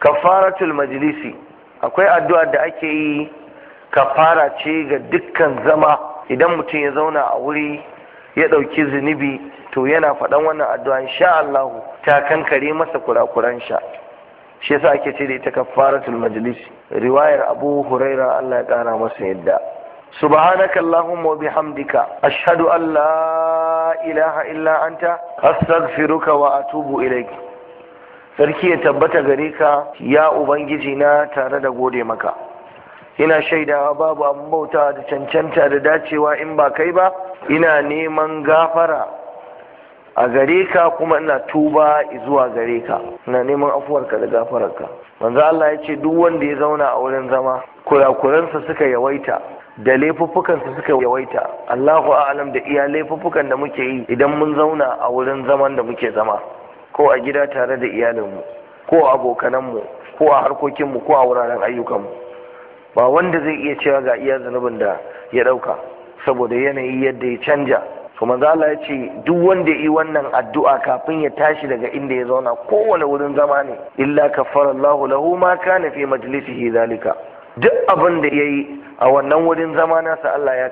kafaratul majlisi akwai addu'ar da ake yi kafara ce ga dukkan zama idan mutum ya zauna a wuri ya ɗauki zunubi to yana faɗan wannan addu'a insha Allah ta kankare masa kurakuran sha shi yasa ake ce da ita kafaratul majlisi riwayar Abu Huraira Allah ya ƙara masa yadda subhanaka allahumma wa bihamdika ashhadu an la ilaha illa anta astaghfiruka wa atubu ilaik sarki ya tabbata gare ka ya ubangiji na tare da gode maka ina shaidawa babu abin bauta da cancanta da dacewa in ba kai ba ina neman gafara a gare ka kuma ina tuba zuwa gare ka ina neman afuwarka da gafararka manzo Allah ya ce duk wanda ya zauna a wurin zama kurakuransa suka yawaita da laifuffukansa suka yawaita Allahu a'alam da iya laifuffukan da muke yi idan mun zauna a wurin zaman da muke zama ko a gida tare da iyalinmu ko a abokananmu ko a harkokinmu ko a wuraren ayyukanmu ba wanda zai iya cewa ga iya zunubin da ya ɗauka saboda yanayi yadda ya canja to za Allah ya ce duk wanda yi wannan addu'a kafin ya tashi daga inda ya zauna kowane wurin zama ne illa kafarallahu Allahu lahu ma kana fi majlisihi zalika duk abin da yayi a wannan wurin zama nasa Allah ya